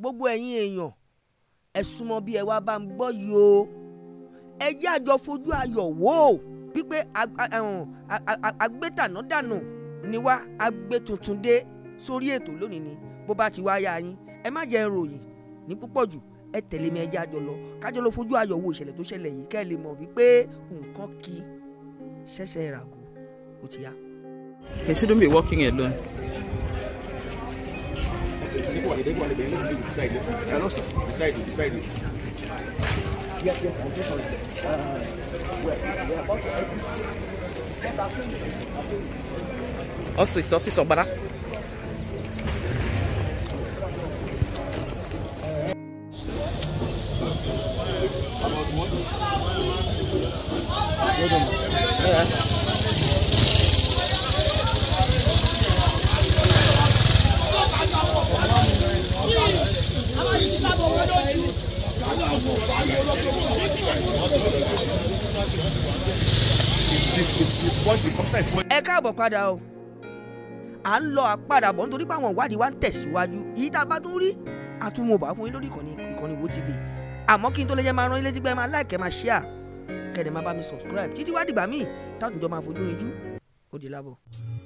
gbogbo ẹ̀yin èèyàn ẹ súnmọ́ bí ẹ wá bá ń gbọ́ yìí o ẹ àjọ fojú ayọ̀ wò ó wípé agbétàná dànù ni wá agbé tuntun dé sórí ètò lónìí ni bó bá ti wá yá yín ẹ má jẹ́ ìròyìn ní púpọ̀ jù ẹ tẹ̀lé mi ẹ àjọ lọ kájọ lọ fojú ayọ̀ wo ìṣẹ̀lẹ̀ tó ṣẹlẹ̀ yìí kẹ́ lè mọ̀ wípé nǹkan kì í ṣẹ̀ṣẹ̀ ràgó ó ti yá. You shouldn't be working alone. They go, they go, they go, they go, beside you. Hello, sir. Beside you, beside you. Yes, Ó, Yeah. ẹ káàbọ̀ padà o à ń lọ àpadàbọ̀ nítorí pé àwọn ìwádìí wa ń tẹ̀síwájú yìí tá a bá tún rí àtúmọ̀bà fún yín lórí ìkànnì ìkànnì Wo TV àmọ́ kí n tó lè jẹ́ máa rán yín létí ẹ máa like ẹ máa share kẹ́ẹ̀dẹ̀ máa bá mi subscribe títí wá dìgbà míì táwọn ìjọba máa fojú rinjú ó di lábọ̀.